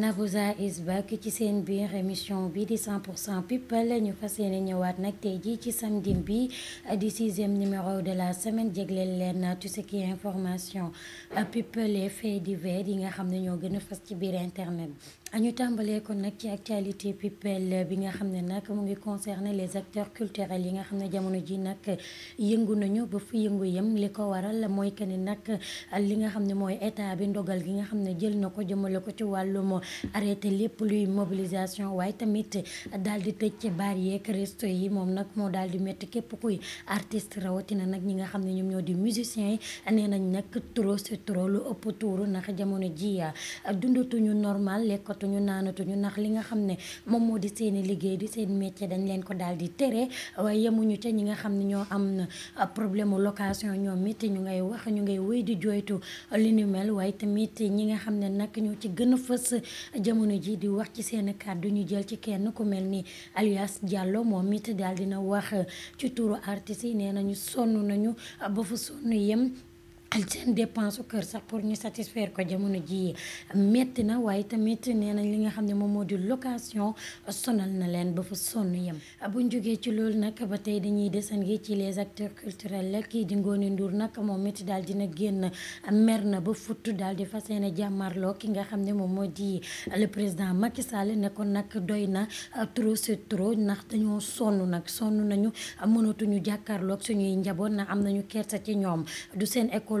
Nabuza is back ci seen biir émission bi di 100 people ñu fas yéene ñëwaat nak tey jii ci samedi bi euh, di 6 sixième numéro de la semaine jéglé leen euh, tout ce qui information euh, people et faits divers yi nga xamné ñoo gëna a ci biir internet ñu tambalé kon nak ci actualité people bi nga xamné nak mu ngi concerner les acteurs culturels yi nga xamné jamono ji nak yëngu nañu ba fu yëngu yem liko waral moy que nak li nga xamné moy état bi ndogal gi nga xamné jël nako ko ko ci wàllum arrêter lépp luy mobilisation waaye tamit daal di tëj ci baar yeeg resto yi mom nak mo daal di métti képp kuy artiste rawatina nak ñi nga xam ne ñoo di musicien nenañ nak trop c'est trop lu ëpp tuuru nak jamono ji dundatuñu normal lekkatuñu naanatuñu nak li nga xamne mom moom moo di seeni liggéey di seen métier dañ leen ko daal di tere waaye yemuñu ca ñi nga xam ñoo am problème location ñom metti ñu ngay wax ñu ngay wéy di joytu li ni mel way tamit ñi nga xam ne ñoo ci gëna a jamono ji di wax ci seen kàddu ñu jël ci kenn ku mel ni alias Diallo moom it daal dina wax ci turu artistes yi nee nañu sonn nañu ba fa sonn yem seen dépense su kër sax pour ñu satisfaire ko jamono jii métti na waaye tamit nee nañ li nga xam ne moom moo di location sonal na leen ba fu sonn yem bu ñu jógee ci loolu nag ba tey dañuy desandi ci les acteurs culturels lekk kii di Ngoné nduur nag moom it daal dina génn mer na ba futt daal di fas yéene jàmmarloo ki nga xam ne moom moo di le président Macky Sall ne ko nag doy na trop c'est trop ndax dañoo sonn nag sonn nañu mënatuñu jàkkaarloog suñuy njaboot ndax am nañu kersa ci ñoom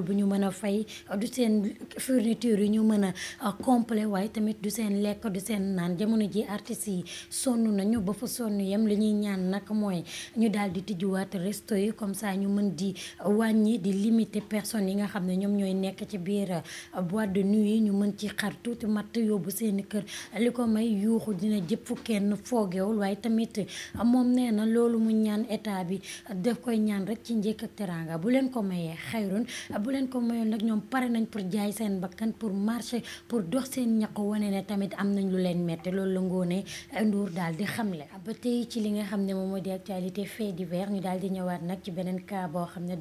école bu ñu mën a fay du seen fourniture yi ñu mën a euh, complet waaye tamit du seen lekk du seen naan jamono ji artistes yi sonn nañu ba fa sonn yem li ñuy ñaan nag mooy ñu daal di tijjuwaat resto yi comme ça ñu mën di wàññi di limiter personnes yi nga xam ne ñoom ñooy nekk ci biir euh, boîte de nuit yi ñu mën ci xar tuuti matt yóbbu seeni kër li ko may yuuxu dina jëpp kenn foogewul waaye tamit euh, moom nee loolu mu ñaan état bi daf koy ñaan rek ci njëkk ak teraanga bu leen ko mayee xayrun bu ko mayoon nag ñoom pare nañ pour jaay seen bakkan pour marché pour dox seen ñako wane ne tamit am nañ lu leen metti loolu la eh, di ba ci li nga actualité fait divers ñu di ñëwaat ci cas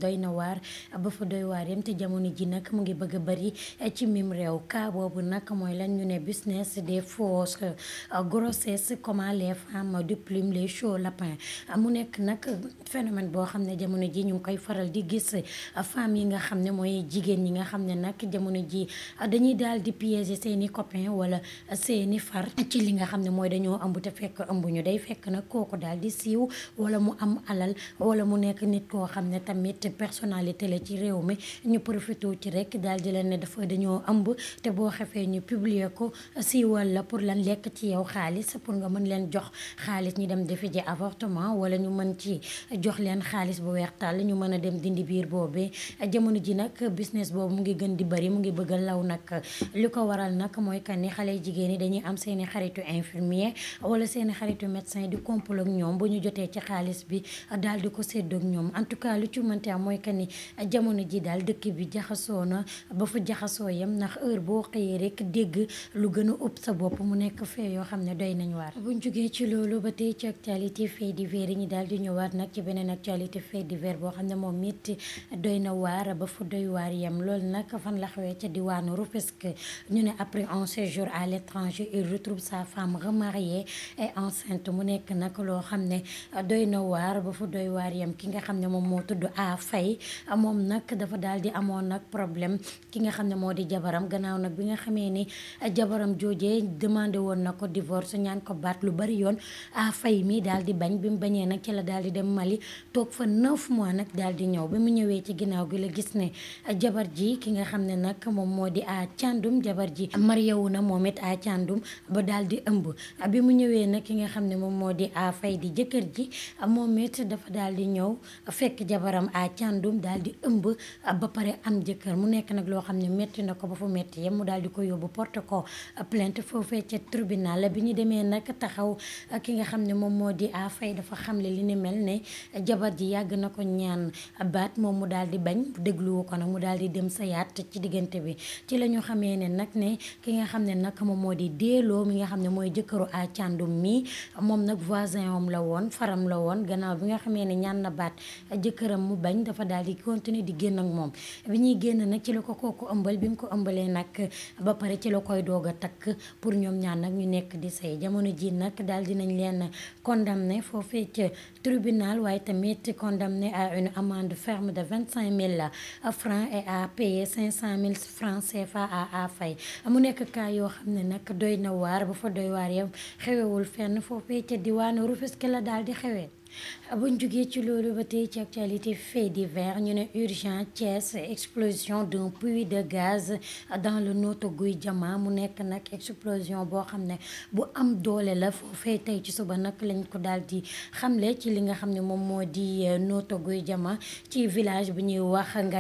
doy ba fa doy waar yam te jamono ji nag mu ngi bëgg eh, ci mim cas ñu business des fausses eh, grossesses comment les femmes de plume les chauds lapins mu nekk nag phénomène boo jamono ji ñu koy faral di gis femmes yi nga mooy jigéen ñi nga xam ne nag jamono ji dañuy daal di piéger seen i copain wala seen i far ci li nga xam ne mooy dañoo ëmb te fekk ëmbuñu day fekk nag kooku daal di siiw wala mu am alal wala mu nekk nit koo xam ne tamit personnalité la ci réew mi ñu profité ci rek daal di leen ne dafa dañoo ëmb te boo xefee ñu publier ko siiwal la pour lan lekk ci yow xaalis pour nga mën leen jox xaalis ñu dem defi ji avortement wala ñu mën ci jox leen xaalis bu weex tàll ñu mën a dem dindi biir boobee jamono ji nag nag business boobu mu ngi gën di bëri mu ngi bëgg a law nag li ko waral nag mooy kan ni xale jigéen ñi dañuy am seeni i xaritu infirmier wala seen i xaritu médecin di complot ak ñoom bu ñu jotee ci xaalis bi daal di ko séddoog ñoom en tout cas lu ci mënti am mooy kan ni jamono ji daal dëkk bi jaxasoo na ba fu jaxasoo yem ndax heure boo xëyee rek dégg lu gën a ëpp sa bopp mu nekk fee yoo xam ne doy nañ waar buñ jógee ci loolu ba tey ci actualité fait divers yi ñu daal di ñëwaat nag ci beneen actualité fait divers boo xam ne moom doy waar lol loolu nag fan la xewee ca diwaanu rupesque ñu ne après un séjour à l'étranger il retrouve sa femme remariée et enceinte mu nekk nag loo xam doy na waar ba fu doy waar yam ki nga xam ne moom moo a fay moom nak dafa daal di amoon nag problème ki nga mode ne moo di jabaram gannaaw nag bi nga xamee ni jabaram demandé divorce ñaan ko baat lu bari yoon a fay mi daldi bañ bi ci la dem Mali Tok fa neuf mois nag daal di ñëw bi mu ci gis jabar ji ki nga xam ne nag moom moo di a ah, càndum jabar ji mariyewu na moom it a ah, càndum ba daal di ëmb bi mu ñëwee nag ki nga xam ne moom moo di a ah, fay jëkkër ji moom it dafa daal di ñëw fekk jabaram a càndum daal di ëmb ba pare am jëkkër mu nekk nag loo xam ne métti na ko ba fu métti mu daal di ko yóbbu porte ko plainte foofee ca bi ñu demee nag taxaw ki nga xam ne moom moo di a fay dafa xamle li ne mel ne jabar ji yàgg na ko ñaan baat moom mu daal di bañ dégluwu kon nag mu daal di dem sëyaat ci diggante bi ci la ñu xamee ne nag ne ki nga xam ne nag moom moo di deeloo mi nga xam ne mooy jëkkëru a càndum mi moom nag voisin am la woon faram la woon gannaaw bi nga xamee ne ñaan na baat jëkkëram mu bañ dafa daal di continuer di génn ak moom bi ñuy génn nag ci la ko kooku ëmbal bi mu ko ëmbalee nag ba pare ci la koy doog a takk pour ñoom ñaan nag ñu nekk di say jamono ji nag daal dinañ leen condamné foofee ca tribunal waaye tamit condamné à une amende ferme de vingt cinq mille francs et à payer cinq cent mille francs CFA à fay mu nekk cas yoo xam ne nag doy na waar bu fa doy waar yam xewewul fenn foofee ca diwaanu Rufisque la daal di xewee buñ jugee ci lolu ba ci actualité fait divers ñu urgence urgent Thiès explosion d'un puits de gaz dans le Notto Gouye mu nekk nak explosion bo xamné bu am doole la foofee tay ci suba nak lañ ko daldi xamlé ci li nga xamné mom modi ci village bu ñuy wax nga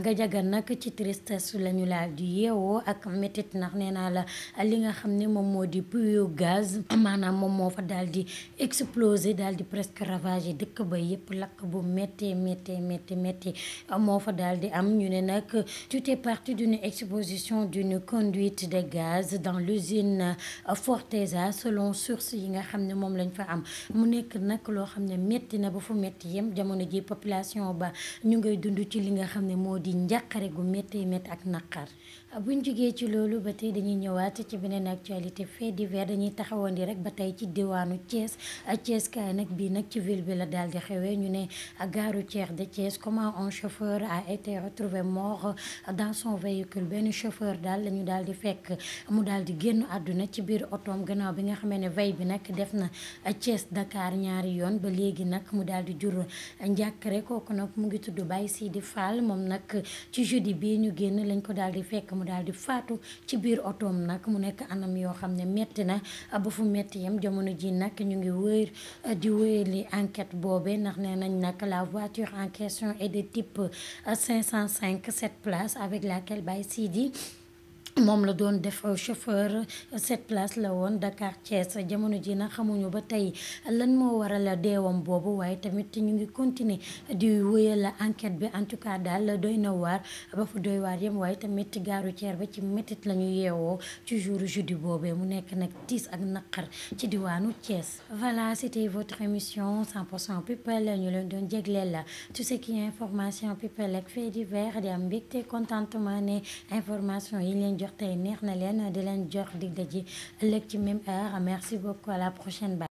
Ngadiaga nak ci tristesse la ñu laal di yeewoo ak métit nak néna la li nga xamné mom modi gaz manam mom moo fa exploser daldi presque ravagé dëkk ba yëpp lakk bu metti metti metti metti moo fa daal di am ñu ne nag tout est parti d'une exposition d'une conduite de gaz dans l'usine Forteza selon source yi nga xam ne moom lañ fa am mu nekk nag loo xam ne métti na ba fu metti yem jamono ji population ba ñu ngay dund ci li nga xam ne moo di njàqare gu metti métti ak naqar buñ jógee ci lolu ba dañuy ñëwaat ci beneen actualité fait divers dañuy taxawandi rek ba tey ci diwanu Thiès Thiès ka nak bi nak ci ville bi la daal di ñu ne garu Thiès de Thiès comment un chauffeur a été retrouvé mort dans son véhicule ben chauffeur dal la ñu daal di fekk mu daal di génn àdduna ci biir autom gënaaw bi nga xamé né veille bi nak def na Thiès Dakar ñaari yoon ba légui nak mu daal di jur njàkkare koku nak mu ngi tuddu Baye Sidi Fall mom nak ci jeudi bi ñu génn lañ ko daal di fekk mu daal di faatu ci biir otoom nag mu nekk anam yoo xam ne metti na ba fu metti yam jamono ji nag ñu ngi wër di wéyali enquête boobe ndax nee nañ nag la voiture en question est de type 505 7 places avec laquelle Baye Sidi moom la doon def chauffeur cette place la won Dakar Thiès jamono ji nag xamuñu ba tay lan mo waral deewam bobu waye tamit ñu ngi continuer di wéyal enquête bi en tout cas dal doyna war ba fu doy war yem waye tamit gaaru thiès ba ci metit lañu yéwo yeewoo ci jour jeudi bobé mu nekk nak tis ak nakar ci diwanu Thiès. voilà c'était votre émission 100% people ñu leen doon jégleel la tout ce qui est information people ak fait divers di am mbégte contentement né information yi jox tey neex de leen di leen ci même heure merci beaucoup à la prochaine